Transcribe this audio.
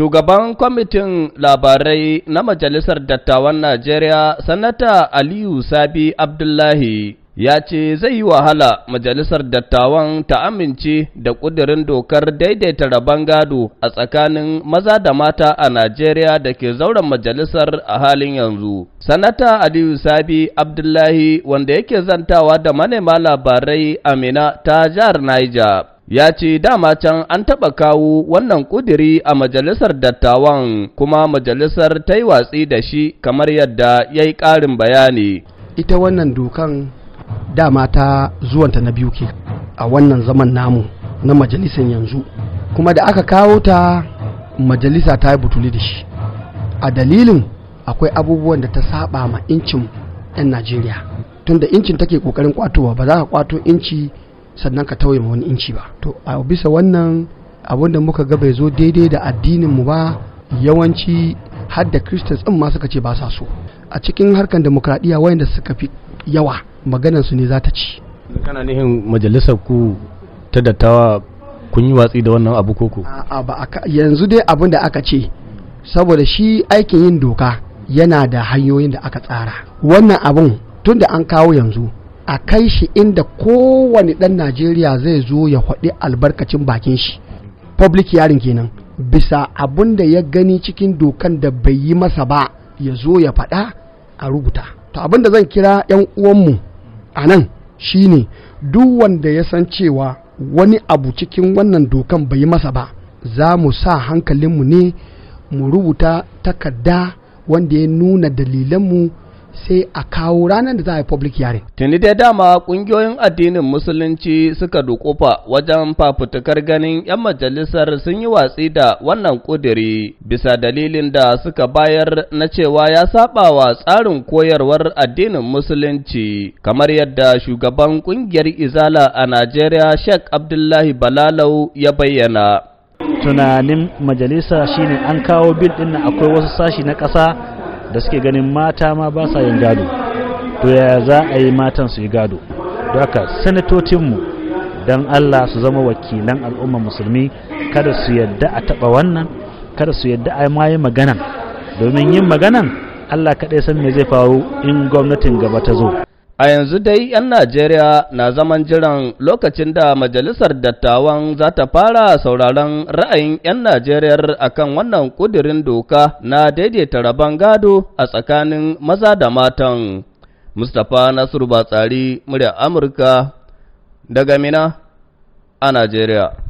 Shugaban kwamitin labarai na Majalisar Dattawan Najeriya, Sanata Aliyu Sabi Abdullahi, ya ce zai yi wahala Majalisar Dattawan ta amince da ƙudirin dokar daidaita rabon gado a tsakanin maza da mata a Najeriya da ke zauren majalisar a halin yanzu. Sanata Aliyu Sabi Abdullahi, wanda yake zantawa da manema labarai Amina ta jihar Niger. ya ce dama can an taɓa kawo wannan ƙudiri a majalisar dattawan kuma majalisar ta yi watsi da shi kamar yadda ya yi ƙarin bayani. Ita wannan dokan dama ta zuwanta na biyu ke a wannan zaman namu na majalisar yanzu. Kuma da aka kawo ta majalisa ta yi butuli da shi. A dalilin akwai abubuwan da ta saba ma incin 'yan Najeriya. Tunda incin take ƙoƙarin kwatowa ba za ka kwato inci sannan ka tauye wani inci ba to a bisa wannan abin da muka ga bai zo daidai da addinin mu ba yawanci har da christians din ma suka ce ba sa so a cikin harkar demokradiyya wayanda suka fi yawa maganar su ne za ta ci kana nihin majalisar ku ta dattawa kun yi watsi da wannan abu koko a yanzu dai abin da aka ce saboda shi aikin yin doka yana da hanyoyin da aka tsara wannan abun tun da an kawo yanzu a kai shi inda kowane ɗan najeriya zai zo ya faɗi albarkacin bakin shi public yarin kenan bisa abun da ya gani cikin dokan da bai yi masa ba ya zo ya faɗa a rubuta to abin da zan kira 'yan uwanmu a nan shine duk wanda ya san cewa wani abu cikin wannan dokan bai yi masa ba za mu sa hankalinmu ne mu rubuta takarda wanda ya nuna dalilanmu sai a kawo ranar da za a yi public hearing. Tuni dai dama kungiyoyin addinin musulunci suka dukufa wajen fafutukar ganin 'yan majalisar sun yi watsi da wannan kudiri bisa dalilin da suka bayar na cewa ya saba wa tsarin koyarwar addinin musulunci kamar yadda shugaban kungiyar izala a Najeriya Sheikh Abdullahi Balalau ya bayyana. Tunanin majalisa shine an kawo bil ɗin akwai wasu sashi na ƙasa da suke ganin mata ma ba sa yin gado to yaya za a yi matan su yi gado don haka sanatocinmu don allah su zama wakilan al'ummar musulmi kada su yadda a taɓa wannan kada su yadda a ma yi maganan domin yin maganan allah kaɗai san me zai faru in gwamnatin gaba ta zo A yanzu dai 'yan Najeriya na zaman jiran lokacin da Majalisar Dattawan za ta fara sauraron ra'ayin 'yan Najeriya. A kan wannan ƙudirin doka na daidaita rabon gado a tsakanin maza da matan. Mustapha Nasiru Batsari, murya Amurka, daga Mina a Najeriya.